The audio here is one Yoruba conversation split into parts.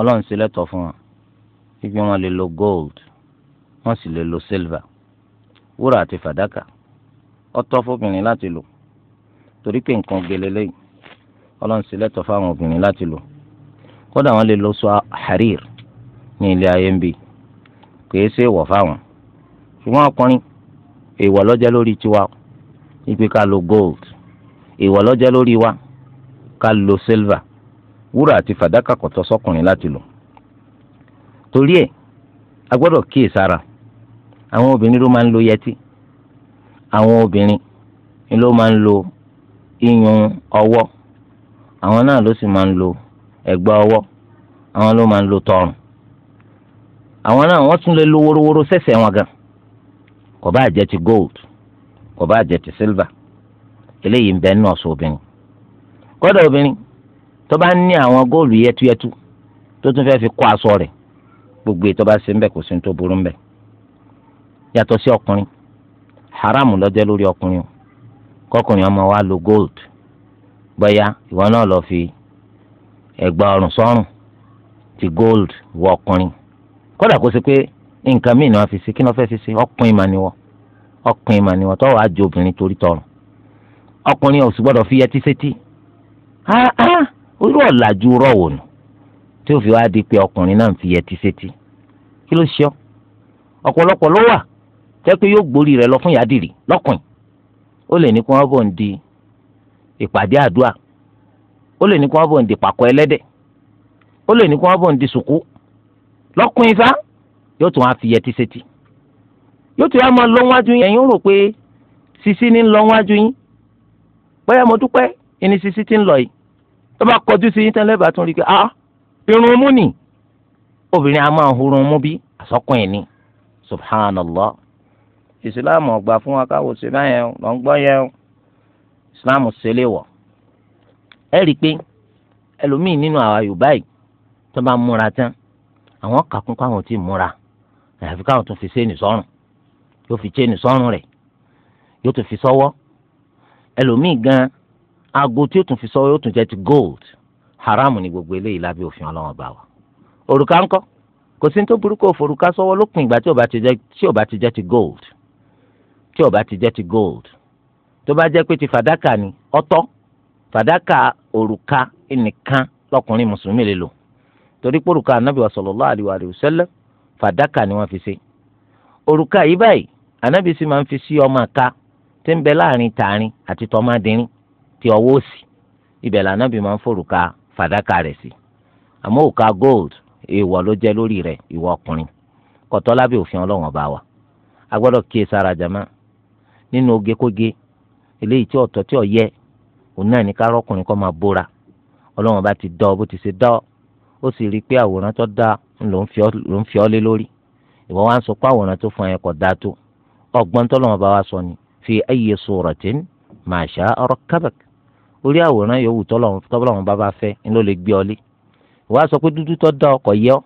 ọlọ́run sì lẹ́tọ̀ fún wọn gbígbé wọn lè lo gold wọn sì lè lo silver wúrà àti fàdákà ọ̀tọ̀ fóbìnrin láti lò torí pé nǹkan gelele yìí ọlọ́run sì lẹ́tọ̀ fáwọn obìnrin láti lò kódà wọn lè lo sọ harir ní ilé ayé ń bì kìí ṣe èèwọ̀ fáwọn ṣùgbọ́n ọkùnrin èèwọ̀ lọ́jẹ́ lórí tiwa ìpè ká lo gold èèwọ̀ lọ́jẹ́ lórí wa ká lo silver wúrà àti fàdákà kò tọ́ sọ́kùnrin láti lò torí ẹ̀ a gbọ́dọ̀ kíyè sára àwọn obìnrin ló máa ń lo yẹtí àwọn obìnrin ló máa ń lo iyùn ọwọ́ àwọn náà ló sì máa ń lo ẹ̀gbà ọwọ́ àwọn ló máa ń lo tọrùn àwọn náà wọ́n tún lè lo worowóró sẹ́sẹ̀ wọn gan kò bá jẹ́ ti gold kò bá jẹ́ ti silver eléyìí ń bẹ nínú ọ̀sùn obìnrin kọ́dà obìnrin tó bá ní àwọn góòlù yẹtúyẹtú tó tún fẹ́ fi kó aṣọ rẹ̀ gbogbo ètò bá ṣe ń bẹ̀ kò sí tó burú ń bẹ̀ yàtọ̀ sí ọkùnrin haramu lọ́jọ́ lórí ọkùnrin o kọkùnrin ọmọ wa lo gold bóyá ìwọ náà lọ fi ẹ̀gbà ọrùn sọ́rùn ti gold wọ ọkùnrin kódà kó ṣe pé nǹkan míì ni wọ́n fi ṣe kí ni wọ́n fẹ́ fi ṣe ọkùnrin mà ni wọ́n ọkùnrin mà ni wọ́n tọ́wọ́ àjò obìnrin torí tọrùn ọkùnrin ò sì gbọ́dọ̀ fi yẹtí sétí irú ọ̀làjú rọ̀wò nù tí ó fi wá di pé ọkùnrin náà fi yẹtí sétí kí ló ṣe ọ́ ọ̀pọ̀lọpọ̀ ló wà jẹ́ pé yóò gborí rẹ̀ lọ fún yàdìrì lọ́kùnrin ó lè ní kí wọ́n bọ̀ ń di ìpàdé àdúrà ó lè ní kí wọ́n bọ̀ ń di pàkọ́ ẹlẹ́dẹ̀ ó lè ní kí wọ́n bọ̀ ń di sùkú lọ́kùnrin fa yóò tún wá fi yẹtí sétí yóò tún wá máa lọ wájú yín ẹ̀yin rò pé sisi ní lọ wájú yín bóyá mo dúpẹ́ ẹni sisi ti ń lọ yìí tó bá kọjú sí yín tẹ́lẹ̀ bá tún rí i pé ah irun mú ni obìnrin a máa hurun mú bí àsọkùn ẹ̀ ni subhanallah islam ọgbà fún wa káwọ sí báyẹn o lọ ń gbọ́ yẹn o islam ṣẹlẹ̀ wọ̀ ẹ rí i pé ẹlòmíì nínú àwa yorùbá yìí tó bá múra tán àwọn kàkún káwọn ti múra àyàfi káwọn tún fi séènì sọ́rùn yóò fi séènì sọ́rùn rẹ̀ yóò tún fi sọ́wọ́ ẹlòmíì gan-an aago tí ó tún fi sọ yóò tún jẹ́ ti gold haram ni gbogbo eléyìí lábẹ́ òfin ọlọ́wọ́n bá wa òrùka ńkọ́ kò sí ní tó burúkú òfòrùka sọ́wọ́ lópin ìgbà tí ò bá ti jẹ́ ti gold tí ó bá ti jẹ́ ti gold tó bá jẹ́ pé ti fàdákà ni ọ̀tọ̀ fàdákà òrùka nìkan lọkùnrin mùsùlùmí lè lò torí pé òrùka anabi sallallahu alaihi wa sallam fàdákà ni wọ́n fi ṣe òrùka yìí báyìí anabi sì máa ń fi sí ọmọ àka tí ń bẹ láàrin tààrin àti tọmọdérin ti ọwọ́ òsì ibẹ̀ lànà bí máa ń fòrùka fàdákà rẹ̀ sí àmọ́ òka gold èèwọ̀ ló jẹ́ lórí rẹ̀ ìwọ ọkùnrin kọ̀tọ́ lábẹ́ òfin ọlọ́run ọba wa a gbọ́dọ̀ kíyè sára jama nínú ogekóge eléyìí tí ọ̀tọ̀ tí ọ̀yẹ òun náà ní kárọ́kùnrin kọ́ máa bóra ọlọ́run ọba ti dọ́ bó ti ṣe dọ́ ó sì rí i pé àwòrán tó dáa ló ń fi ọ́ lé lórí ìwọ wá ń sọ pé àwòrán tó fún ẹ kò dáa tó ọgbọ́n tọ́lọ́run ọba wa sọ ni fi ayyi suratin ma sha'a rakkabak orí àwòrán yòówù tọ́lọ́run bá bá fẹ́ ni ló lè gbé ọ lé wàá sọ pé dúdú tó dá ọkọ̀ yọ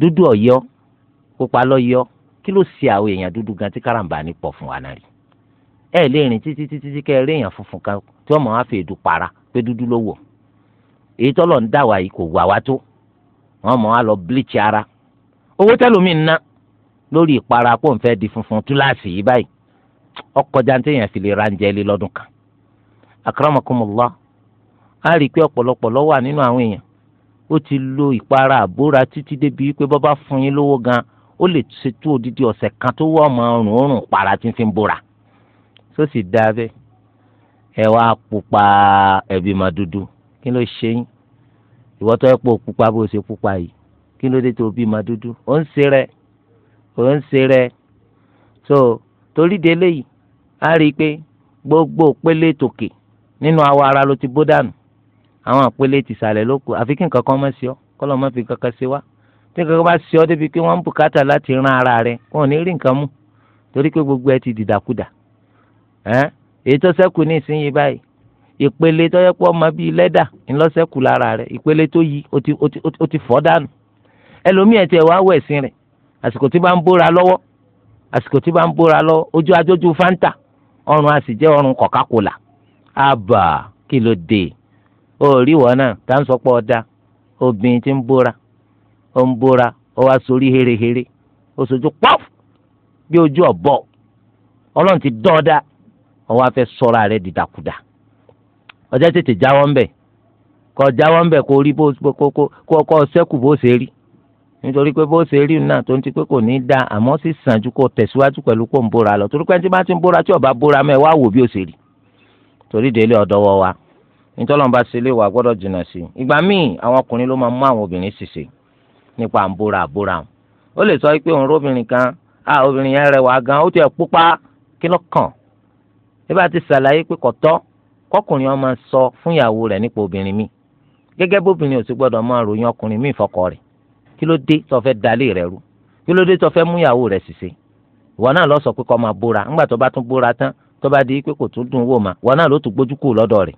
dúdú ọ̀yọ́ pupa lọ́yọ́ kí ló ṣe àwọn èèyàn dúdú gan tí káràmbà ní pọ̀ fún wa náà rí ẹ lè rìn títí títí tí kẹ́ ẹ funfun kan tí wọ́n máa fi èdù para pé dúdú ló wọ̀ èyí tọ́lọ̀ ń dà wá yìí kò wà wá tó wọ́n máa lọ bleach ara owó tẹ́lómi ń ná lórí ìpara pò ń fẹ́ di funfun túláàsì yìí báyìí ọkọ̀ jantéèyàn fi lè ra ń jẹ́ ilé lọ́dún kan akramakumullah á rí i pé ọ̀pọ̀lọpọ̀ ló wà nínú àwọn èèyàn ó ti lo ìpara àbúra títí débi pé bọ́ bá fún yín lówó gan ó lè ṣètò odidi ọ̀sẹ̀ kan tó wọ́ ọmọ ọrùn òórùn para tí ń fi bóra tó sì dáa bẹ́ẹ̀ ẹ wá pupa ẹ̀bí mà dúdú kí ló ṣe yín ìwọ tó ẹ pò pupa bó ṣe pupa yìí kí ló dé tó bí mà dúdú ó ń ṣe rẹ ó ń ṣe rẹ so torí de eléyìí a rí i pé gbogbo pélé tòkè. nínú awọ ara ló ti bó dànù àwọn àpẹẹlẹ ti sàlẹ̀ ló àfi kí nǹkan kan má sí ọ kankan sí ọ débi pé wọ́n ń bùkátà láti rán ara rẹ wọn ò ní rí nǹkan torí pé gbogbo ẹ ti dìdàkudà èyí tó ní ìsinyìí báyìí ìpele tó yẹ pé ọmọ bíi lára ìpele tó yí ti dànù ẹlòmíì wá àsìkò tí bá ń bóra àsìkò aba kí ló dé orí wọn náà tá ń sọpọ ọdá obìnrin ti ń bóra ó ń bóra ó wá sórí hérehére ó sojú pọ́f bí ojú ọ̀bọ ọlọ́run ti dọọdá ó wá sọ́ra rẹ dìdàkudà ọjọ́ tètè jáwọ́ kọ kó jáwọ́ ńbẹ̀ kó rí sẹ́kù bó nítorí pé bó ṣe rí torí délé ọ̀dọ́wọ́ wa nítorí bá ṣe lé wa gbọ́dọ̀ jìnnà sí i ìgbà míì àwọn ọkùnrin ló máa mú àwọn obìnrin ṣìṣe nípa àǹbóra àbóra ó lè sọ pé òun róbìnrin kan a obìnrin yẹn rẹwà gan ó tiẹ̀ pupa kí ló kàn nígbà tí ṣàlàyé pé kọ̀tọ́ kọkùnrin ó máa sọ fún ìyàwó rẹ̀ nípa obìnrin míì gẹ́gẹ́ bóbìnrin ò sì gbọ́dọ̀ máa ròyìn ọkùnrin míì fọkọ rẹ̀ kí ló dé tó fẹ́ dalé rẹ̀ rú kí ló dé tó fẹ́ mú ìyàwó rẹ̀ ṣìṣe ìwọ náà lọ sọ pé kó máa bóra ńgbà tó bá tún bóra tán tó di pé kò tún dùn wò mà wọn náà ló tún gbójú kù lọ́dọ̀ rẹ̀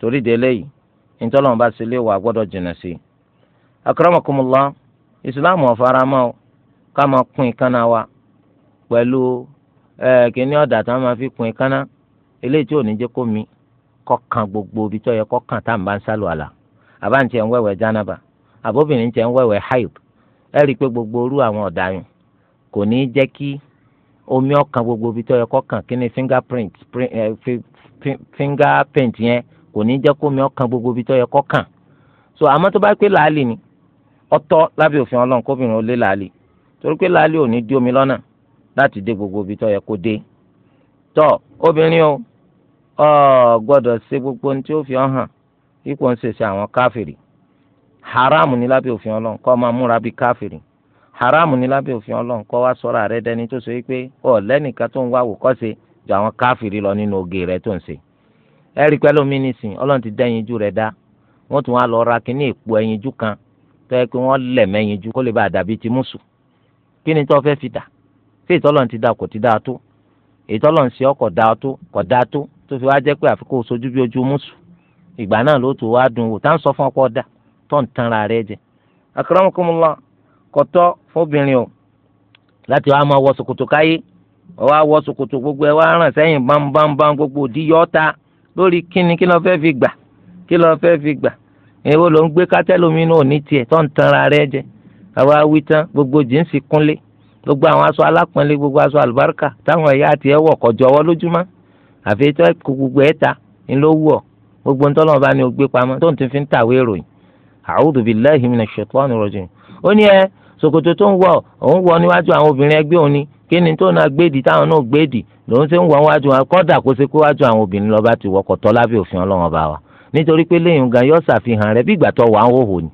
torí de eléyìí ntọ́lọ́wọ́n bá sílé wà gbọ́dọ̀ jìnnà sí i. akramakumullah ìsìláàmù ká máa wa pẹ̀lú kíní ọ̀dà tá fi kún ìkánná eléyìí tí ò ní jẹ́ kó mi kọ́kàn gbogbo ibi tó yẹ kọ́kàn tá à ń bá ń àlà omi ọkàn gbogbo ibi tó yẹ kó kàn kí ni fingerprint eh, fingerprint yẹn kò ní jẹ́ kó omi ọkàn gbogbo ibi tó yẹ kó kàn so àmọ́ tó bá pé làálì ni ọ̀tọ̀ lábẹ́ òfin Ọlọ́run kóbìnrin ó lé làálì torí pé làálì ò ní dí omi lọ́nà láti dé gbogbo ibi tó yẹ kó dé tọ obìnrin o ọ gbọ́dọ̀ ṣe gbogbo ohun tí ó fi hàn ipò ń ṣèṣe àwọn káfìrí haram ni lábẹ́ òfin Ọlọ́run kó máa múra bíi káfìrí haramu ní lábẹ́ òfin ọlọ́run kọ́ wá sọ́ra rẹ dẹni tó sọ yìí pé ọ̀ lẹ́nìkan tó ń wá wò kọ́ṣe ju àwọn káfìrí lọ nínú oge rẹ tó ń ṣe. ẹ rí pẹ́lú mi nísìn ọlọ́run ti dá ẹyinjú rẹ dá wọ́n tún wá lọ ra kínní èpo ẹyinjú kan tó yẹ pé wọ́n lẹ̀ mẹ́yinjú kó lè bá dàbí ti mùsù. kí ni tó fẹ́ fi dà sí ìtọ́lọ́run ti dá kò ti dá tó ìtọ́lọ́run sí ọkọ̀ dá tó kọ̀ dá tó tó fi wá jẹ́ pé àfikún sojú kọtọ fóbìnrin o láti wàá máa wọ ṣòkòtò káyé wàá wọ ṣòkòtò gbogbo ẹ wàá ràn sẹ́yìn bámbámbám gbogbo òdì yọta lórí kíni kí ló fẹ́ fi gbà kí ló fẹ́ fi gbà èwo ló ń gbé kátẹ́lómi náà ní tiẹ̀ tó ń tanra rẹ jẹ àwa wí tán gbogbo jíǹsì kúnlé gbogbo àwọn aṣọ alápọ̀nlé gbogbo aṣọ àlùbáríkà táwọn ẹ̀yà àti ẹ̀wọ̀ kọjọ ọwọ́ lójúmọ́ àfi tó gbogbo ẹ̀ ta ń ló wù ọ́ gbogbo ń tọ́lọ́mọba ni ó gbé pamọ́ tó ń ti fi ń tàwé ìròyìn a'udhu billahi minash shaitani rajim ó ní ẹ ṣòkòtò tó ń wọ òun wọ níwájú àwọn obìnrin ẹgbẹ́ òun ni kí ni tó náà gbèdì táwọn náà gbèdì lòun ṣe ń wọ wájú wọn kọ́dà kó ṣe kó wájú àwọn obìnrin lọ́ba ti wọkọ̀ tọ́ lábẹ́ òfin ọlọ́run ọba wa nítorí pé lẹ́yìn gan yóò ṣàfihàn rẹ bí ìgbà tó wà ń hòhò ni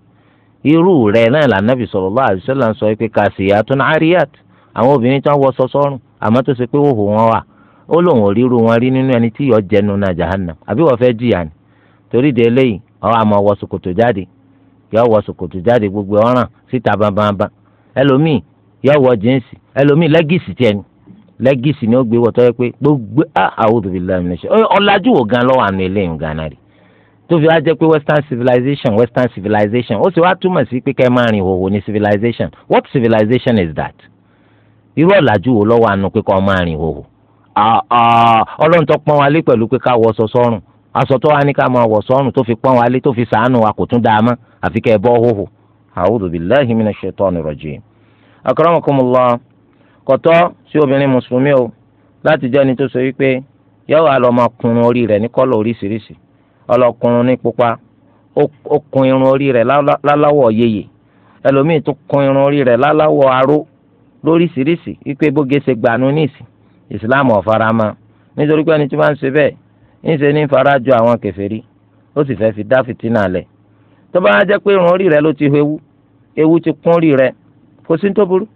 irú rẹ náà lànàbì sallallahu alaihi wasallam sọ pé kasiyatun ariyat àwọn obìnrin tán wọ sọsọrùn àmọ́ tó ṣe pé hòhò wọn wà ó lòun ò ríru wọn rí nínú ẹni tí yọ jẹnu náà jahannam àbí wọ́n fẹ́ jìyà ni torí ẹlòmíì yọ wọ jíǹsì ẹlòmíì lẹ́gìsì tiẹ̀ ni lẹ́gìsì ni ó gbé wọ́tọ́ yẹ pé gbogbo a'udhu billahi minash ọ̀làjú wò gan lọ́wọ́ àmì eléyìí gan rí tó fi wá jẹ́ pé western civilization western civilization ó sì wá túmọ̀ sí pé kẹ́ẹ́ máa ìhòòhò ní civilization what civilization is that irú ọ̀làjú wo lọ́wọ́ àánú pé kọ́ máa rìn ìhòòhò ọlọ́run tó pọ́n wálé pẹ̀lú pé ká wọṣọ sọ́run aṣọ tó wá ní ká máa wọ̀ sọ́run tó fi pọ́n wálé tó fi sàánù wa kò tún dáa mọ́ àfi kẹ́ ẹ bọ́ hóhò a'udhu billahi minash shaitani rajim akramakumullah kọ̀tọ́ sí obìnrin mùsùlùmí o láti jẹ́ ẹni tó sọ wípé yóò wá lọ́ọ́ máa kunrun orí rẹ̀ ní kọ́lọ̀ oríṣiríṣi ọlọ́kunrun ní pupa ó kun irun orí rẹ̀ láláwọ̀ yeye ẹlòmíì tó kun irun orí rẹ̀ láláwọ̀ aró lóríṣiríṣi wípé bóge ṣe gbànú níìsì ìsìláàmù ọ̀farama nítorí pé ẹni tí wọ́n ń ṣe bẹ́ẹ̀ ń ṣe ní farajọ àwọn kèfèrí ó sì fẹ́ fi dá fìtínà lẹ̀ tó bá jẹ́ pé irun orí rẹ̀ ló ti hu ewu ewu ti kún orí rẹ̀ kò sí tó burú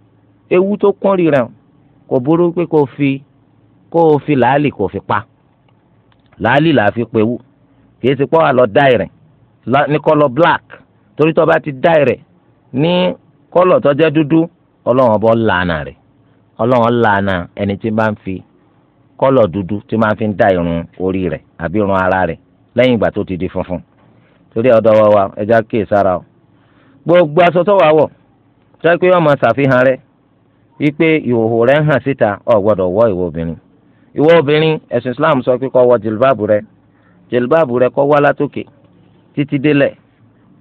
ewu tó kún rira kò burú pé kò fi kò fi làálì kò fi pa làálì là á fi pewu kìí ti pọ́ àlọ́ dáì rẹ̀ ní kọ́lọ̀ black torí tó bá ti dáì rẹ̀ ní kọ́lọ̀ tó jẹ́ dúdú ọlọ́run ọbọ̀ làánà rẹ̀ ọlọ́run làánà ẹni tí bá ń fi kọ́lọ̀ dúdú tí máa fi ń dá irun orí rẹ̀ àbí irun ara rẹ̀ lẹ́yìn ìgbà tó ti di funfun torí ọ̀dọ́ wa wa ẹja kíyèsára o gbogbo aṣọ wà wọ̀ tọ́jú pé wọ́n máa ṣàfihàn rẹ wípé ìhòòhò rẹ ń hàn síta ọ̀ gbọ́dọ̀ wọ ìwọ obìnrin ìwọ obìnrin ẹ̀sìn Islam sọ pé kó wọ jìlbáàbù rẹ jìlbáàbù rẹ kó wá látòkè títí délẹ̀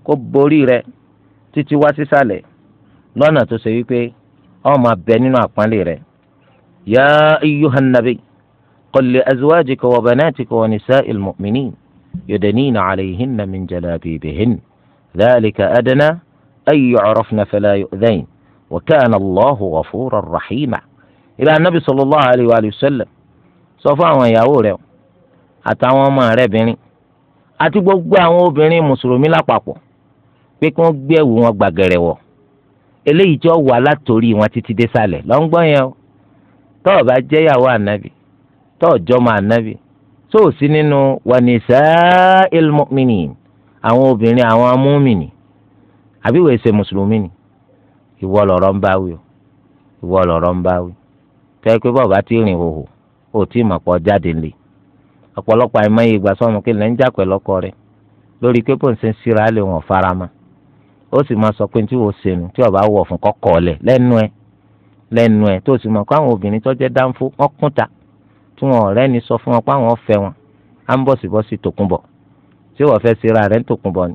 kó borí rẹ títí wá sísàlẹ̀ lọ́nà tó ṣe wípé ọ̀ máa bẹ nínú àpọ́nlé rẹ yá ayyuhan nabi qul li azwajika wa banatika wa nisa'il mu'minin yudnina alayhinna min jalabibihin dhalika adna أن يعرفن فلا يؤذين وكان الله غفورا رحيما إلى النبي صلى الله عليه وآله وسلم sọ fún àwọn ìyàwó rẹ àtàwọn ọmọ rẹ bìnrin àti gbogbo àwọn obìnrin mùsùlùmí lápapọ̀ pé kí wọ́n gbé ẹ̀wù wọn gbàgẹ̀rẹ̀ wọ̀ eléyìí tí ó wà látòrí wọn títí dé sàlẹ̀ lọ́ngbọ́n yẹn o tó o bá jẹ́ ìyàwó ànábì tó o jọmọ ànábì tó o sí nínú wa nisa'il mu'minin àwọn obìnrin àwọn amúmìnì àbí wòye ṣe mùsùlùmí ni ìwọ lọ̀rọ̀ ń báwí o ìwọ lọ̀rọ̀ ń báwí tẹ́ pé bọ́ọ̀ bá ti rìn hòhò ó tí ì mọ̀ pọ̀ jáde lè ọ̀pọ̀lọpọ̀ àìmọye ìgbà sọ́mu kí lẹ́ ń jà pẹ̀lú ọkọ rẹ̀ lórí pé bó ń ṣe ń síra lè wọ̀n farama ó sì máa sọ pé tí wò ó senu tí ọba wọ̀ fún kọ́kọ́ lẹ̀ lẹ́nu ẹ̀ lẹ́nu ẹ̀ tó sì mọ̀ pé àwọn obìnrin tó jẹ́ dáńfó wọ́n kún ta tí wọn ọ̀rẹ́ ni sọ fún wọn pé àwọn fẹ́ wọn á ń bọ̀sibọ́sì tòkunbọ̀ tí wọ́n fẹ́ síra rẹ̀ ń tòkunbọ̀ ni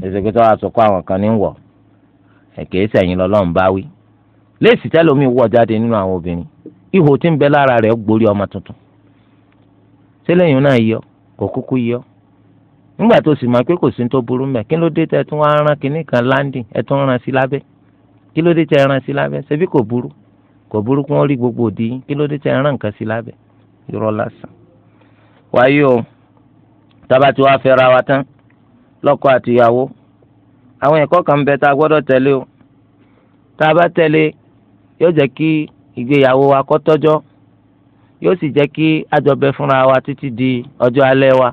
ezekutọ asọkọ àwọn kan ní wọ ẹkẹ sẹyìn lọ́lọ́run bá wí léèsì tẹlómi wọ jáde nínú àwọn obìnrin ihò tí ń bẹ lára rẹ̀ gborí ọmọ tuntun sẹlẹyìn náà yọ kò kúkú yọ nígbà tó sì máa pé kò sí tó burú mẹ kan landing ẹ tún rán sí kí ló dé tẹ rán sí ṣebí kò burú gbogbo òdì yín kí ló dé tẹ rán nǹkan sí lásán. wáyé o tábà wàá fẹ́ ra wa tán lọ́kọ àtìyàwó àwọn ẹ̀kọ́ kan bẹ tá a gbọ́dọ̀ tẹ̀lé o tá a bá tẹ̀lé yóò jẹ́ kí ìgbéyàwó wa kó tọ́jọ́ yóò sì jẹ́ kí àjọbẹ fúnra wa títí di ọjọ́ alẹ́ wa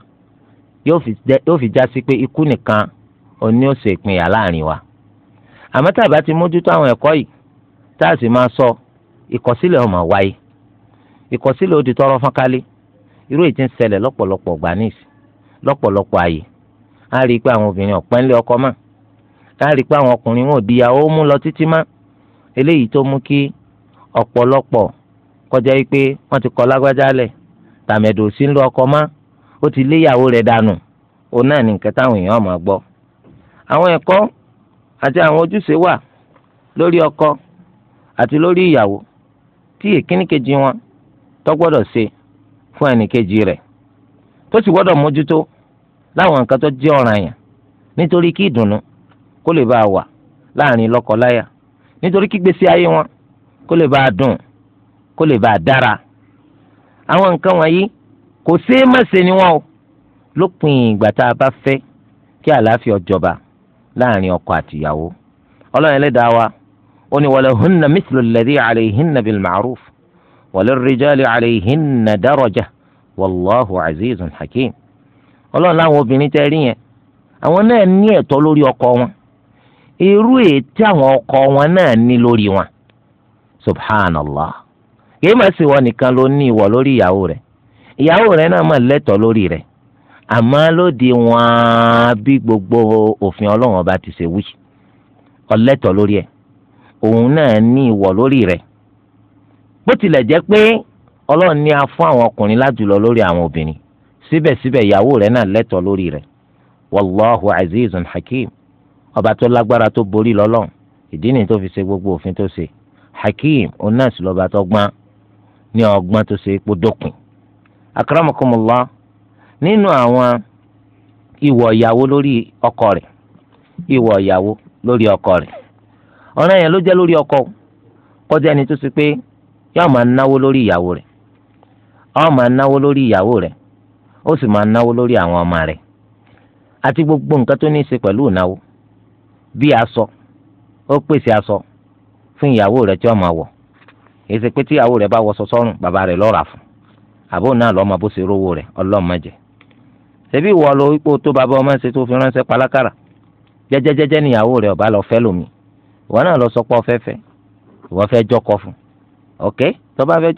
yóò fi já sí pé ikú nìkan òní ò ṣe ìpínyà láàrin wa àmọ́ tá a bá ti mójútó àwọn ẹ̀kọ́ yìí tá a sì máa sọ ìkọ̀sílẹ̀ ọmọ wáyé ìkọ̀sílẹ̀ ó tọrọ fọ́nkálé irú èyí tí gbanis lọ́pọ̀lọpọ̀ àyè á rí i pé àwọn obìnrin ọ̀pẹ́ ńlẹ̀ ọkọ mọ́ á rí i pé àwọn ọkùnrin wọn ò di ìyàwó mú lọ títí mọ́ eléyìí tó mú kí ọ̀pọ̀lọpọ̀ kọjá yìí pé wọ́n ti kọ́ lágbájá lẹ̀ tàmẹ̀dò sí ńlọ ọkọ mọ́ ó ti lé ìyàwó rẹ̀ dànù òun náà ní nǹkan táwọn èèyàn máa gbọ́. àwọn ẹ̀kọ́ àti àwọn ojúṣe wà lórí ọkọ àti lórí ìyàwó tí èkíní wọn tó gbọ́dọ̀ ṣe fún ẹnìkejì rẹ̀ tó sì gbọ́dọ̀ mójútó láwọn nǹkan tó jẹ́ ọ̀ranyàn nítorí kí ìdùnnú kó lè bá a wà láàrin lọ́kọláya nítorí kí gbèsè ayé wọn kó lè bá a dùn kó lè bá a dára àwọn nǹkan wọ̀nyí kò ṣeé má ṣe ni wọn o lópin ìgbà tá a bá fẹ́ kí àlàáfíà jọba láàrin ọkọ àtìyàwó ọlọ́run ẹlẹ́dàá wa ó ní walahunna mithlu alladhi alayhinna bil ma'ruf walir rijali alayhinna daraja wallahu azizun hakim ọlọ́run láwọn obìnrin tẹ́ rí yẹn àwọn náà ní ẹ̀tọ́ lórí ọkọ wọn irú ètí àwọn ọkọ wọn náà ní lórí wọn subhanallah kìí máa ṣe wọn nìkan ló ní ìwọ lórí ìyàwó rẹ ìyàwó rẹ náà máa lẹ́tọ̀ọ́ lórí rẹ àmọ́ lóde wọn bí gbogbo òfin ọlọ́run ọba ti ṣe wí ọlẹ́tọ̀ọ́ lórí ẹ̀ òun náà ní ìwọ lórí rẹ bó tilẹ̀ jẹ́ pé ọlọ́run ní a fún àwọn ọkùnrin lájùlọ lórí àwọn obìnrin síbẹ̀síbẹ̀ ìyàwó rẹ̀ náà lẹ́tọ̀ọ́ lórí rẹ̀ wàlláhu azizun hakim ọba tó lágbára tó borí lọ́lọ́n ìdí fi ṣe gbogbo òfin tó ṣe hakim onáàsì lọ́ba tó gbọ́n ní ọgbọ́n tó ṣe ipò dópin akramakumullah nínú àwọn ìwọ ìyàwó lórí ọkọ rẹ̀ ìwọ ìyàwó lórí ọkọ rẹ̀ ọ̀ràn yẹn ló jẹ́ lórí ọkọ kọjá ẹni tó ṣe pé yóò máa náwó lórí ìyàwó ó sì máa náwó lórí àwọn ọmọ rẹ̀ àti gbogbo nǹkan tó ní í ṣe pẹ̀lú ìnáwó bí aṣọ ó pèsè aṣọ fún ìyàwó rẹ̀ tí ó máa wọ̀ èsì pé tí ìyàwó rẹ̀ bá wọṣọ sọ́rùn bàbá rẹ̀ lọ́ra fún àbó náà lọ́ọ́ bó ṣe rówó ọlọ́mọdé ṣebí ìwọ lo ipò tó bàbá ọmọ ṣe tó fi ránṣẹ́ palákàrà jẹ́jẹ́jẹ́jẹ́ lo rẹ̀ ọba lọ fẹ́ lómi ìwọ náà lọ sọ pé ọfẹ́ fẹ́ ìwọ fẹ́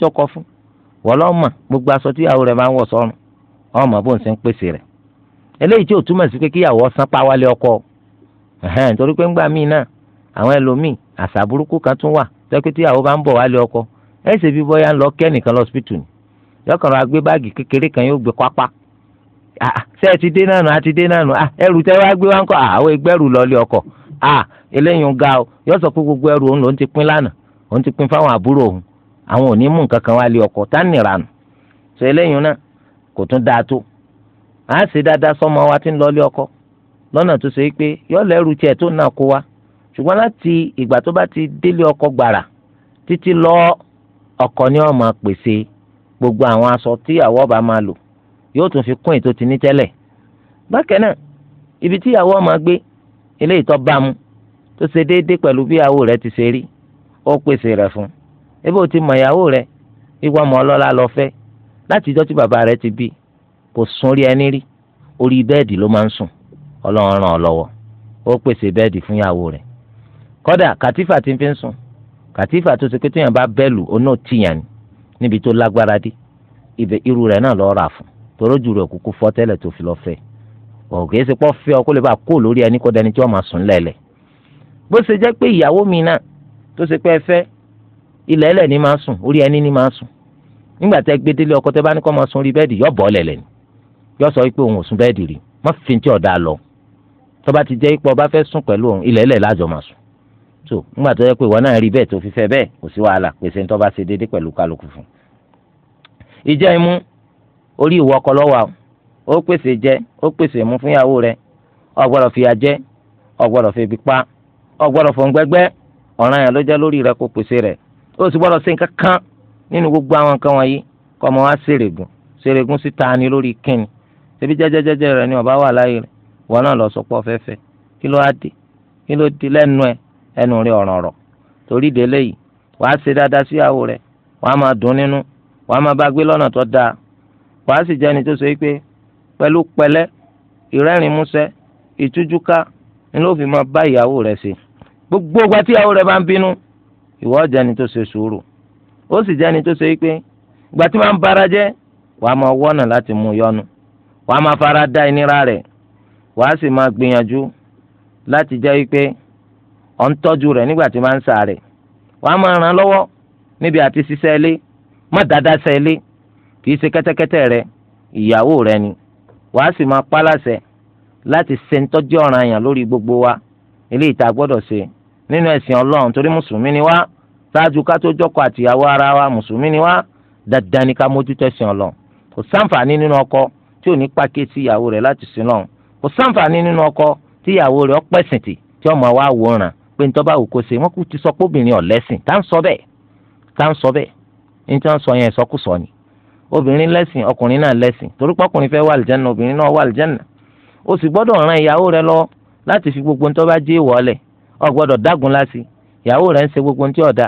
jọkọ gbogbo aṣọ máa ń ọmọ ọmọ bó ń ṣe ń pèsè rẹ̀ eléyìí tí ò túmọ̀ sí pé kíyàwó san páwálé ọkọ torí pé míì náà kan tún wà tẹ́kí tíyàwó bá ń bọ̀ wálé ọkọ ẹ ṣe bí bọ́yá ń lọ kẹ́ nìkan kan yóò gbé pápá ṣé ẹ ti dé náà nù á ti dé náà nù ẹrù tẹ́ wá gbé wá ń kọ́ ọkọ̀ eléyìí ń ga ọ yọ sọ pé ti pín lánàá òun ti pín fáwọn àbúrò òun àwọn ò ní mú nǹkan kan wá lé ọkọ̀ tá nìranù kò tún dáa tó à á ṣe dáadáa sọmọ wa tí ń lọlé ọkọ lọ́nà tó ṣe pé yọ lẹ́rù tiẹ̀ tó náà kó wa ṣùgbọ́n láti ìgbà tó bá ti délé ọkọ gbàrà títí lọ ọkọ ni ó máa pèsè gbogbo àwọn aṣọ tí ìyàwó bá máa lò yóò tún fi kún ètò tí ní tẹ́lẹ̀ bákan náà ibi tí ìyàwó máa gbé ilé ìtọ́ bá mu tó ṣe déédéé pẹ̀lú bí ìyàwó rẹ ti ṣe rí ó pèsè rẹ̀ fún un ebe ò ti mọ ìyàwó rẹ ìwọ ọmọ ọlọ́lá lọ fẹ́ láti ìjọ́ tí bàbá rẹ̀ ti bí kò sùn orí ẹni rí orí bẹ́ẹ̀dì ló máa ń sùn ọlọ́run ràn ọ́ lọ́wọ́ ó pèsè bẹ́ẹ̀dì fún ìyàwó rẹ̀ kódà kàtífà tí ń fi ń sùn kàtífà tó ṣe pé téèyàn bá bẹ́ẹ̀lù oná tìyàn ni níbi tó lágbára dé ibẹ̀ irú rẹ̀ náà lọ́ọ́ rà fún torójú rẹ̀ kúkú fọ́ tẹ́lẹ̀ tó fi lọ́ọ́ fẹ́ ọ̀gẹ́ ṣe fẹ́ ọ kó lè bá kó lórí ẹni kó dẹni tí wọ́n máa sùn lẹ́lẹ̀ bó ṣe jẹ́ pé ìyàwó mi náà tó ṣe pé ẹ fẹ́ ilẹ̀ ẹlẹ̀ ni máa sùn orí ẹni ni máa sùn nígbà tẹ gbé délé ọkọ tẹ bá ní kó máa sun orí bẹ́ẹ̀dì yọ bọ́ lẹ̀lẹ̀ ni yọ sọ pé òun ò sun bẹ́ẹ̀dì rí má fi ti ọ̀dà lọ tó bá ti jẹ́ ipò ọba fẹ́ sùn pẹ̀lú òun ilẹ̀ ilẹ̀ lájọ máa sùn tó nígbà tó yẹ pé ìwọ náà rí bẹ́ẹ̀ tó fi fẹ́ bẹ́ẹ̀ kò sí wàhálà pèsè ní tó bá ṣe déédéé pẹ̀lú kálukú fún. ìjẹ́ imú orí ìwọ ọkọ ó pèsè jẹ ó pèsè mú fúnyàwó rẹ o gbọ́dọ̀ fìyà jẹ o gbọ́dọ̀ pa o gbọ́dọ̀ ọ̀ràn yẹn ló jẹ́ lórí rẹ kó pèsè rẹ̀ ó sì gbọ́dọ̀ ṣe nǹkan kan nínú gbogbo àwọn nǹkan wọ̀nyí kọ́ ọmọ wa ṣèrègùn ṣèrègùn sí ta ni lórí kíni ṣebí jẹjẹjẹjẹ rẹ ni ọba wà láyé rẹ wọn náà lọ sọpọ fẹfẹ kí ló á dé kí ló di lẹ́nu ẹ ẹnu rẹ ọ̀ràn rọ torí délé yìí wàá ṣe dáadáa síyàwó rẹ wàá máa dùn nínú wàá máa bá gbé lọ́nà tó dáa wàá sì jẹni tó so pé pẹ̀lú pẹ̀lẹ́ ìrẹ́rìn músẹ́ ìtújúká ni ló fi máa bá ìyàwó rẹ ṣe gbogbo ìgbà tíyàwó rẹ bá ń bínú ìwọ ó sì jẹ́ ẹni tó ṣe pé ìgbà tí máa bara jẹ́ wàá máa láti mú yọnu wàá máa fara da ìnira rẹ̀ wàá sì máa gbìyànjú láti jẹ́ pé ọ̀ ń tọ́jú rẹ̀ nígbà tí ń sa rẹ̀ wàá máa ràn án lọ́wọ́ níbi àti ṣiṣẹ́ ilé má dáadáa ṣe ilé kì ṣe kẹ́tẹ́kẹ́tẹ́ ìyàwó ni wàá sì máa pálàṣẹ láti ṣe ń tọ́jú ọ̀ràn lórí gbogbo wa eléyìí tá a gbọ́dọ̀ ṣe nínú ẹ̀sìn ọlọ́run torí mùsùlùmí ni wá. ṣáájú ká tó jọkọ àtìyàwó ara wa mùsùlùmí ni wá dandan ni ká mójútó ẹ̀sìn Ọlọ́run kò sáǹfààní nínú ọkọ tí ò ní pàkíyèsí ìyàwó rẹ̀ láti sin lọ́run kò sáǹfààní nínú ọkọ tí ìyàwó rẹ̀ ọpẹ̀sìn tì tí ọmọ wa wòran pé ní tọ́ba òkò ṣe wọ́n kú ti sọ pé obìnrin ọ̀lẹ́sìn tá ń sọ bẹ́ẹ̀ tá ń sọ bẹ́ẹ̀ ní tí wọ́n sọ yẹn sọkúsọ ni obìnrin lẹ́sìn ọkùnrin náà lẹ́sìn torí pọ́kùnrin fẹ́ wà àlìjẹ́nà obìnrin náà wà àlìjẹ́nà o sì gbọ́dọ̀ ran ìyàwó rẹ lọ láti fi gbogbo ní tọ́ba jẹ́ ìwọ́lẹ̀ o gbọ́dọ̀ dágunlá sí ìyàwó rẹ ń ṣe gbogbo ní tí ọ̀dà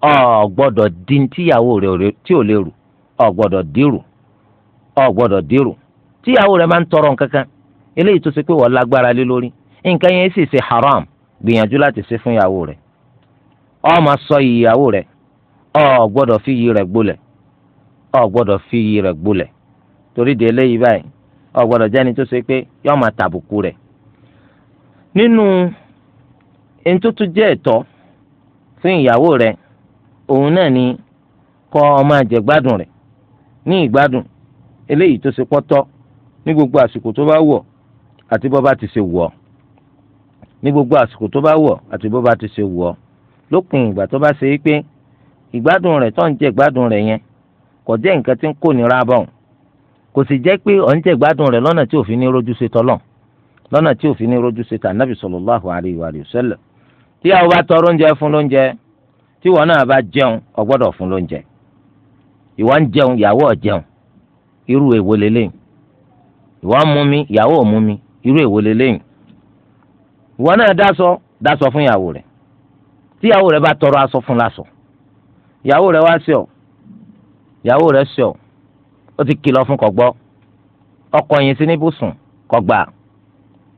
ọ gbọ́dọ̀ di tíyàwó rẹ tí ò lè rù ọ gbọ́dọ̀ dìrù tíyàwó rẹ máa ń tọrọ nkankan eléyìí tó ṣe pé wọ́n lágbára lé lórí nǹkan yẹn sì ṣe haram gbìyànjú láti ṣe fún ìyàwó rẹ sọ ìyàwó rẹ fi iyì rẹ fi iyì rẹ torí òun náà ni kọ́ ọ máa jẹ gbádùn rẹ̀ ní ìgbádùn eléyìí tó ṣe pọ́tọ́ ní gbogbo àsìkò tó bá wọ̀ àti bó bá ti ṣe wọ̀ ní gbogbo àsìkò tó bá wọ̀ àti bó bá ti ṣe wọ̀ lópin ìgbà tó bá ṣe é pé ìgbádùn rẹ̀ tó ń jẹ ìgbádùn rẹ̀ yẹn kò jẹ́ nǹkan tí ń kó ní rábọ̀n kò sì jẹ́ pé ọ̀ ń jẹ ìgbádùn rẹ̀ lọ́nà tí òfin ní rojú ṣe tọ́lọ̀ lọ́nà tí òfin ní rojú ṣe tà nàbì sallallahu alaihi wa sallam tí àwọn bá tọrọ oúnjẹ fún lóúnjẹ tí wọn náà bá jẹun o gbọ́dọ̀ fún lóúnjẹ ìwọ ń jẹun ìyàwó ò jẹun irú èwo lélẹyìn ìwọ ń mumi ìyàwó ò mumi irú èwo lélẹyìn ìwọ náà dáṣọ dáṣọ fún ìyàwó rẹ tí ìyàwó rẹ bá tọrọ aṣọ fún láṣọ ìyàwó rẹ wá sí ọ ìyàwó rẹ sí ọ ó ti kìlọ̀ fún kọgbọ ọkọ yìí sí níbùsùn kọgbà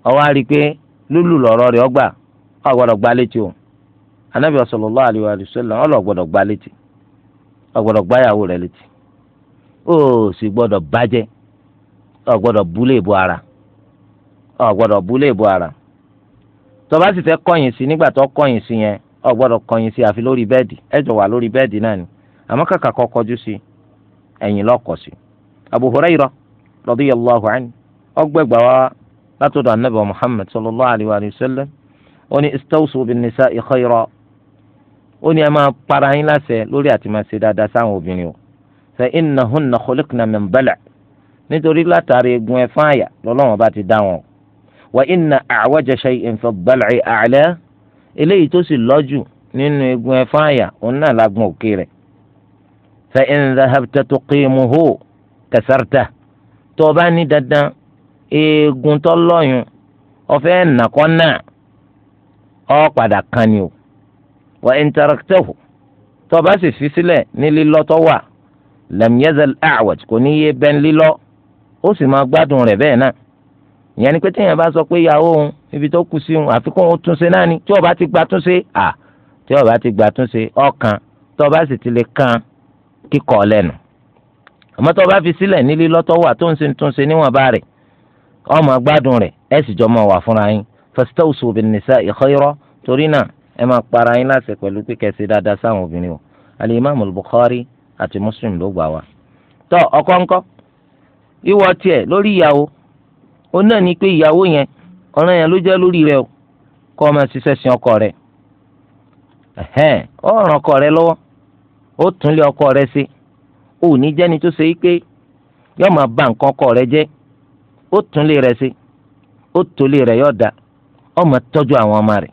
ọwọ àrí pé lúlù lọ̀rọ̀ rẹ ọgbà ọgbọdọ gbá létí o anabi sallallahu alayhi wa sallam ọlọ gbọ́dọ̀ gbá létí ọgbọ́dọ̀ gbáyàwó rẹ̀ létí ó sì gbọ́dọ̀ bàjẹ́ ọgbọ́dọ̀ búlé ìbò ara ọgbọ́dọ̀ búlé ìbò ara tó bá sì fẹ́ kọ̀yìn sí nígbà tó kọ̀yìn sí yẹn ọgbọ́dọ̀ kọ̀yìn sí àfi lórí bẹ́ẹ̀dì ẹjọ wà lórí bẹ́ẹ̀dì náà ni àmọ́ kàkà kọ kọjú sí ẹ̀yìn lọkọ sí Abu Hurairah radiyallahu anhu ọgbẹgbà wa látọ̀dọ̀ anabi Muhammad sallallahu alayhi wa sallam ó ní istawsu bin nisa'i khayra ó ní ẹ máa para yín láṣẹ lórí àti máa ṣe dáadáa sáwọn obìnrin o fa innahunna khuliqna min bala' nítorí látàrí egun ẹ̀fọn àyà lọ́lọ́wọ́n bá ti dá wọn o wa inna a'waja shay'in fi bal'i a'la eléyìí tó sì lọ́jù nínú egun ẹ̀fọn àyà òun náà lágbọ̀n òkè rẹ̀ fa in dhahabta tuqimuhu kasarta tó bá ní dandan eegun tó lọ́yùn ọ̀fẹ́ wa in taraktahu tó o bá sì fi sílẹ̀ ní lílọ́ tó wà lam yazal a'waj kò ní yé bẹ́ẹ̀ lílọ́ ó sì máa gbádùn rẹ̀ bẹ́ẹ̀ náà ìyẹn ni pé téèyàn bá sọ pé ìyàwó òun ibi tó kù sí òun àfikún òun túnṣe náà ni tí o bá ti gba túnṣe à tí o bá ti gba túnṣe ọkàn tó sì ti lè kan kíkọ́ lẹ́nu àmọ́ tó fi sílẹ̀ ní lílọ́ tó wà tó ń ṣe túnṣe níwọ̀nba rẹ̀ ọmọ gbádùn rẹ̀ ẹ̀ sì jọ máa wà fúnra yín fastawsu bin nisa'i khayra torí náà ẹ máa para yín láṣẹ pẹ̀lú pé kẹsì dáadáa sáwọn obìnrin o àlè imáàmù Bukhari àti Muslim ló gbà wá. tọ ọkọ ńkọ́ ìwọ tiẹ̀ lórí ìyàwó ó náà ní pé ìyàwó yẹn ọ̀ràn yẹn ló jẹ́ lórí rẹ o kọ́ ọ máa ṣiṣẹ́ sin ọkọ rẹ ẹ̀hẹ́n ó ràn ọkọ rẹ lọ́wọ́ ó tún lé ọkọ rẹ sí ó ní jẹ́ni tó ṣe pé yóò máa bà nǹkan ọkọ rẹ jẹ́ ó tún lé rẹ sí ó tó lé rẹ yóò dá ó máa tọ́jú àwọn ọmọ rẹ̀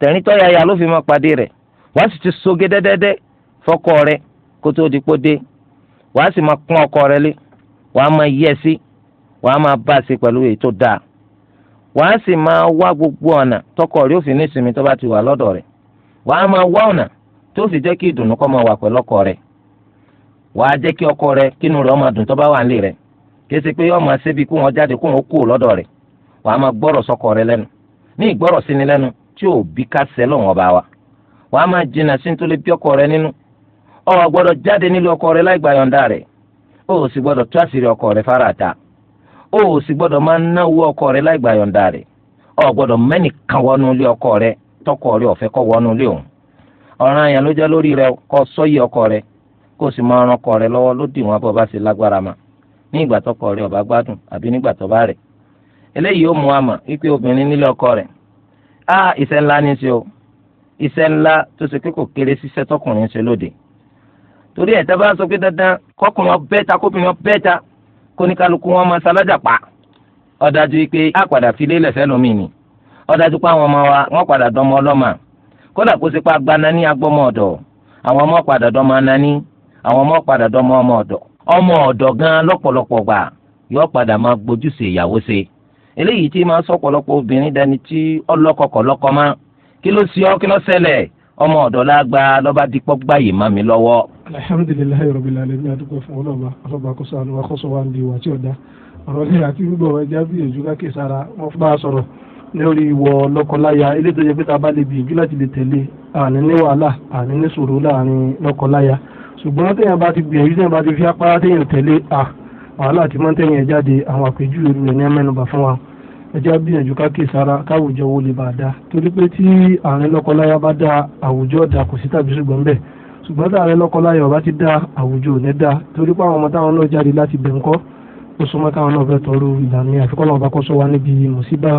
tẹ̀rín tọ́ya ya ló fi máa pàdé rẹ̀ wàá sì ti soge dẹ́dẹ́dẹ́ fọ́kọ rẹ̀ kó tó di pé dé sì máa kún ọkọ rẹ̀ lé wàá máa yẹ sí wàá máa bá a sí pẹ̀lú èyí tó dáa sì máa wá gbogbo ọ̀nà tọkọ rẹ̀ ní ìsinmi tó ti wà lọ́dọ̀ rẹ̀ máa wá ọ̀nà tó sì jẹ́ kí ìdùnnú máa wà pẹ̀lú ọkọ rẹ̀ jẹ́ kí ọkọ kínú tó bá wà nílé kése pé máa tí ò bí ká sẹ́lọ̀ wọn bá wa wàá máa jìnnà sí tó lè bí ọkọ rẹ nínú o gbọ́dọ̀ jáde nílé ọkọ rẹ láì gba yọ̀ǹda rẹ. o sì gbọ́dọ̀ ọkọ rẹ fáráta o sì gbọ́dọ̀ máa náwó ọkọ rẹ láì gba gbọ́dọ̀ wọnú ọkọ rẹ tọkọ rẹ ọ̀fẹ́ kọ́ wọnú ilé òun àyàn rẹ kọ ọkọ rẹ kó ọkọ rẹ Ah, iṣẹ́ ńlá ní ṣe o iṣẹ́ ńlá tó ṣe pé kò kéré síṣẹ́ tọkùnrin ṣe lóde torí ẹ̀ tábà sọ pé dandan kọkùnrin ọbẹ̀ ta kóbìnrin ọbẹ̀ ta kó ní kálukú wọn máa ṣalájà pa ọ̀dájú pé á padà fi lé lẹ̀sẹ̀ lómi ni ọ̀dájú pé àwọn ọmọ wa wọ́n padà dánmọ ọlọ́mà kódà kó ṣe pé agbanani agbọ́mọ ọ̀dọ̀ àwọn ọmọ padà dánmọ anani àwọn ọmọ padà dánmọ ọmọ ọ̀dọ̀ ọmọ ọ̀dọ̀ gan lọ́pọ̀lọpọ̀ gbà yóò padà máa gbójúṣe ìyàwó ṣe eléyìí tí máa ń sọ̀pọ̀lọpọ̀ obìnrin dání tí ọlọ́kọ̀kọ̀lọ́kọ̀ máa kí ló sí ọ kí ló ṣẹlẹ̀ ọmọ ọ̀dọ̀ lágbá lọ́ba dípọ̀ gbàyè má mi lọ́wọ́. alihamudulilayi rabil alamin adúgbò fún ọlọ́ba ọlọ́ba kó ṣàánú wa kó ṣọ́ wa níbi ìwà tí ọ̀dá ọ̀rọ̀ ní àti gbígbọ̀ ẹja bí èjú káké sára wọ́n bá a sọ̀rọ̀ lórí ìwọ lọ́kọláya eléyìí tó yẹ pé tá a bá lè gbìyànjú láti lè tẹ̀lé àní ní wàhálà àní ní sòrò láàrin lọ́kọláya ṣùgbọ́n téèyàn bá ti gbìyànjú téèyàn bá ti fi apá téèyàn tẹ̀lé à wàhálà àti mọ́tẹ́yìn ẹ̀ jáde àwọn àpèjúwe rẹ̀ ní ẹ̀mẹ́nubà fún wa ẹjẹ́ gbìyànjú káàkiri sára káwùjọ wo lè bá a dá torí pé tí àárín lọ́kọláya bá dá àwùjọ dá kò sí tàbí ṣùgbọ́n bẹ́ẹ̀ ṣùgbọ́n tí àárín lọ́kọláya ọba ti dá àwùjọ ò ní dá torí pé àwọn ọmọ táwọn náà jáde láti bẹ̀ ńkọ́ ó súnmọ́ táwọn náà fẹ́ tọrọ ìlànà àfikún náà bá kọ́ sọ wa níbi mùsíbà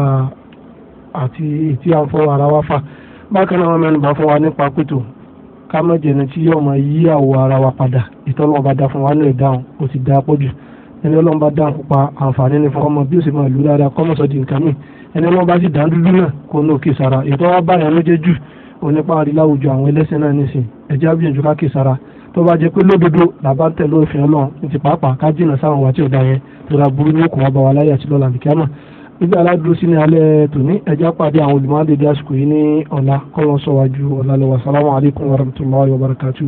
àti ètí à ara wa fà bákan náà wọn mẹ́nu fún wa nípa pẹ̀tọ́ ká mọ̀jẹ̀ni tí yóò máa yí àwọ̀ ara wa padà ìtọ́nà ọba dá fún wa náà dáhùn ó ti dá pọ̀jù ẹni ọlọ́run bá dáhùn pa àǹfààní ní fọmọ bí ó sì máa lù dáadáa kọ́mọ̀ sọ di nǹkan mi ẹni ọlọ́run bá sì dá dúdú náà kó ní òkè sára ètò wa báyà ló jẹ́ jù onípa àrí láwùjọ àwọn ẹlẹ́sìn náà nísìn ẹ̀jẹ̀ àbíyànjú ká kè sára tó bá jẹ́ pé lódodo làbá ń tẹ̀lé òfin ọlọ́run ní ti pàápàá ká jìnnà sáwọn wa tí ò dá yẹn tó ra burú ní òkú wa bá wa láyé àti lọ́la nìkẹ́ náà nígbà aládùn sí ní alẹ́ tòní ẹja pàdé àwọn olùmọ̀ádé dásìkò yìí ní ọ̀la kọ́lọ́sọ̀wájú ọ̀la lọ́wọ́ sálámù alaykum wa rahmatulahi wa barakatuh.